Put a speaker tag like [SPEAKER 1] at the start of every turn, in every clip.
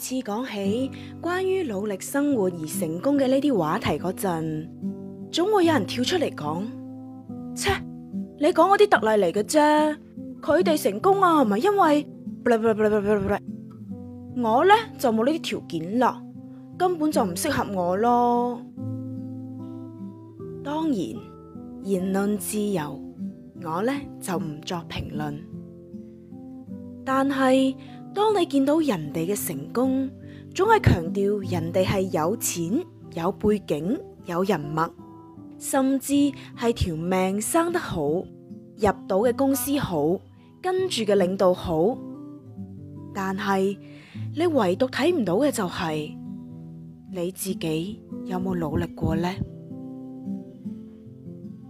[SPEAKER 1] 次講起關於努力生活而成功嘅呢啲話題嗰陣，總會有人跳出嚟講：「切，你講嗰啲特例嚟嘅啫，佢哋成功啊，係咪因為？我呢就冇呢啲條件咯，根本就唔適合我咯。當然，言論自由，我呢就唔作評論，但係。當你見到人哋嘅成功，總係強調人哋係有錢、有背景、有人脈，甚至係條命生得好，入到嘅公司好，跟住嘅領導好。但係你唯獨睇唔到嘅就係：你自己有冇努力過呢？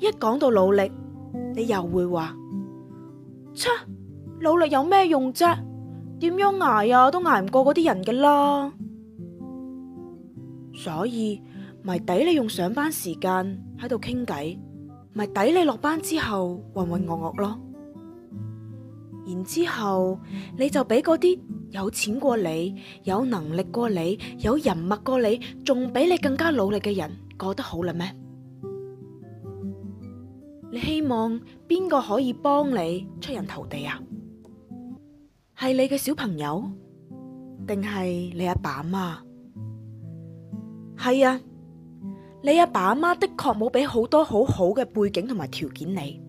[SPEAKER 1] 一講到努力，你又會話：出，努力有咩用啫？點樣捱啊，都捱唔過嗰啲人嘅啦。所以咪抵你用上班時間喺度傾偈，咪抵你落班之後渾渾噩噩咯。然之後你就俾嗰啲有錢過你、有能力過你、有人脈過你，仲比你更加努力嘅人過得好啦咩？你希望邊個可以幫你出人頭地啊？係你嘅小朋友，定係你阿爸阿媽？係啊，你阿爸阿媽的確冇俾好多好好嘅背景同埋條件你，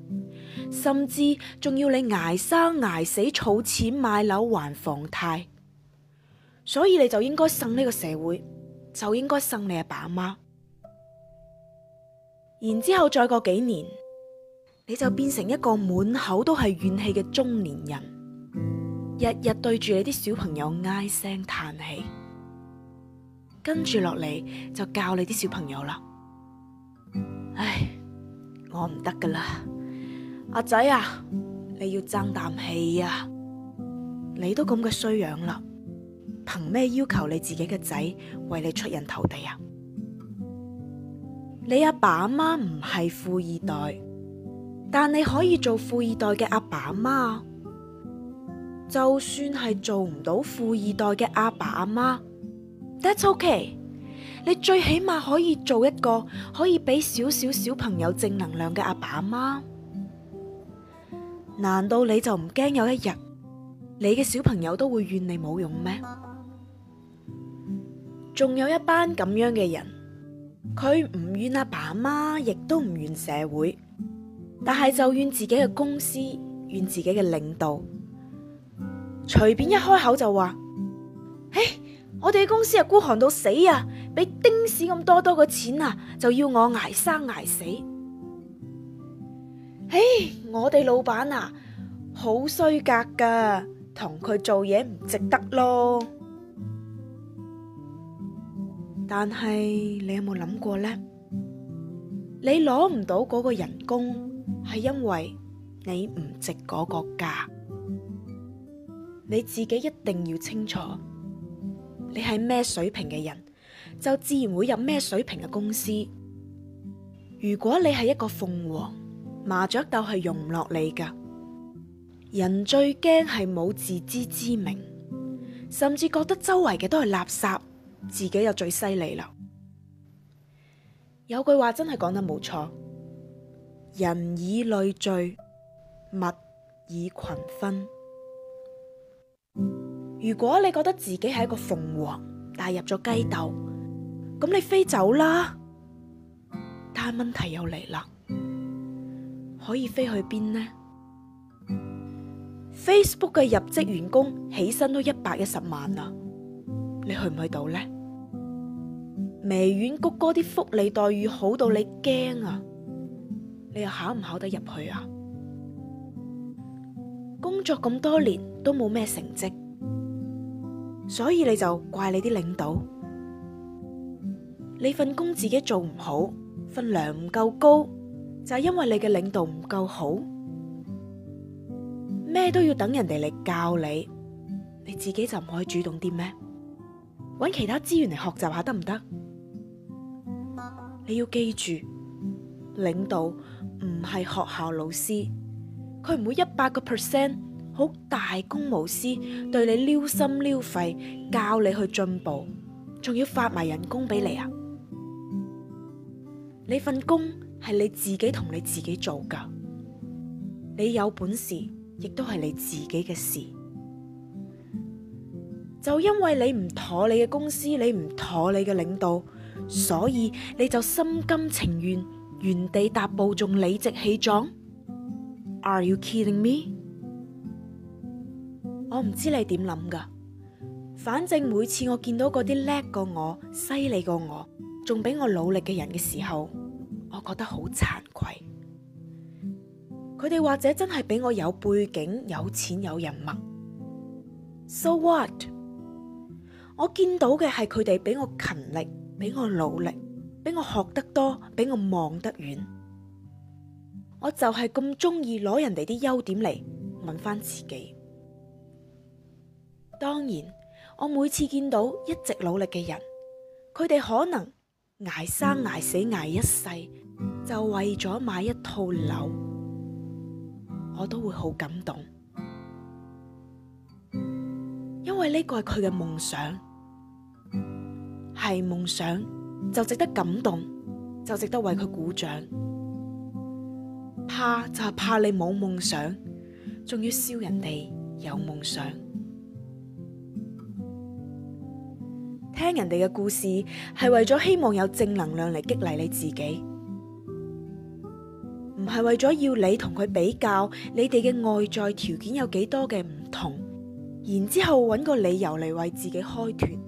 [SPEAKER 1] 甚至仲要你捱生捱死儲錢買樓還房貸，所以你就應該憎呢個社會，就應該憎你阿爸阿媽。然之後再過幾年，你就變成一個滿口都係怨氣嘅中年人。日日對住你啲小朋友唉聲嘆氣，跟住落嚟就教你啲小朋友啦。唉，我唔得噶啦，阿仔啊，你要爭啖氣啊！你都咁嘅衰樣啦，憑咩要求你自己嘅仔為你出人頭地啊？你阿爸阿媽唔係富二代，但你可以做富二代嘅阿爸阿媽。就算係做唔到富二代嘅阿爸阿媽，that's okay。你最起碼可以做一個可以俾少少小朋友正能量嘅阿爸阿媽。難道你就唔驚有一日你嘅小朋友都會怨你冇用咩？仲有一班咁樣嘅人，佢唔怨阿爸阿媽，亦都唔怨社會，但係就怨自己嘅公司，怨自己嘅領導。隨便一開口就話，唉，我哋公司啊孤寒到死啊，俾丁屎咁多多個錢啊，就要我挨生挨死。唉，我哋老闆啊好衰格噶，同佢做嘢唔值得咯。但係你有冇諗過呢？你攞唔到嗰個人工，係因為你唔值嗰個價。你自己一定要清楚，你係咩水平嘅人，就自然會入咩水平嘅公司。如果你係一個鳳凰，麻雀斗係容唔落你噶。人最驚係冇自知之明，甚至覺得周圍嘅都係垃圾，自己又最犀利啦。有句話真係講得冇錯：人以類聚，物以群分。如果你覺得自己係一個鳳凰，帶入咗雞竇，咁你飛走啦。但係問題又嚟啦，可以飛去邊呢？Facebook 嘅入職員工起薪都一百一十萬啊，你去唔去到呢？微軟谷歌啲福利待遇好到你驚啊，你又考唔考得入去啊？工作咁多年都冇咩成績，所以你就怪你啲領導，你份工自己做唔好，份糧唔夠高，就係因為你嘅領導唔夠好，咩都要等人哋嚟教你，你自己就唔可以主動啲咩？搵其他資源嚟學習下得唔得？你要記住，領導唔係學校老師。佢唔會一百個 percent 好大公無私，對你撩心撩肺，教你去進步，仲要發埋人工俾你啊！你份工係你自己同你自己做㗎，你有本事亦都係你自己嘅事。就因為你唔妥你嘅公司，你唔妥你嘅領導，所以你就心甘情願原地踏步，仲理直氣壯？Are you kidding me？我唔知你點諗㗎，反正每次我見到嗰啲叻過我、犀利過我、仲比我努力嘅人嘅時候，我覺得好慚愧。佢哋或者真係比我有背景、有錢、有人脈。So what？我見到嘅係佢哋比我勤力、比我努力、比我學得多、比我望得遠。我就係咁中意攞人哋啲優點嚟問翻自己。當然，我每次見到一直努力嘅人，佢哋可能挨生挨死挨一世，就為咗買一套樓，我都會好感動，因為呢個係佢嘅夢想，係夢想，就值得感動，就值得為佢鼓掌。怕就係怕你冇夢想，仲要笑人哋有夢想。聽人哋嘅故事係為咗希望有正能量嚟激勵你自己，唔係為咗要你同佢比較，你哋嘅外在條件有幾多嘅唔同，然之後搵個理由嚟為自己開脫。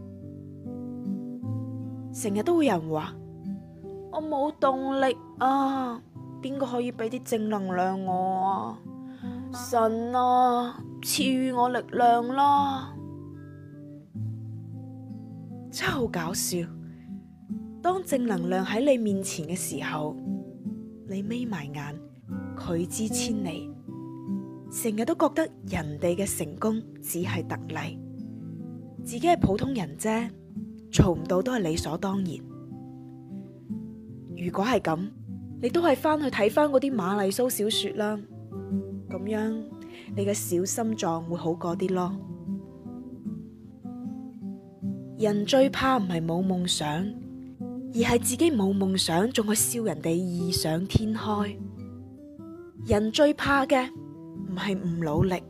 [SPEAKER 1] 成日都會有人話我冇動力啊。邊個可以俾啲正能量我啊？神啊，賜予我力量啦！真係好搞笑，當正能量喺你面前嘅時候，你眯埋眼，拒之千里，成日都覺得人哋嘅成功只係特例，自己係普通人啫，做唔到都係理所當然。如果係咁。你都係翻去睇翻嗰啲瑪麗蘇小說啦，咁樣你嘅小心臟會好過啲咯。人最怕唔係冇夢想，而係自己冇夢想仲去笑人哋異想天開。人最怕嘅唔係唔努力，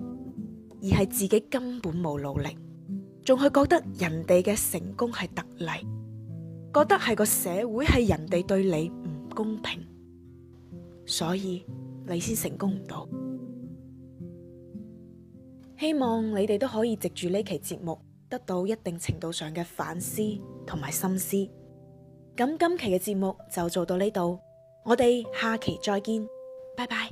[SPEAKER 1] 而係自己根本冇努力，仲去覺得人哋嘅成功係特例，覺得係個社會係人哋對你唔公平。所以你先成功唔到。希望你哋都可以藉住呢期節目，得到一定程度上嘅反思同埋深思。咁今期嘅節目就做到呢度，我哋下期再見，拜拜。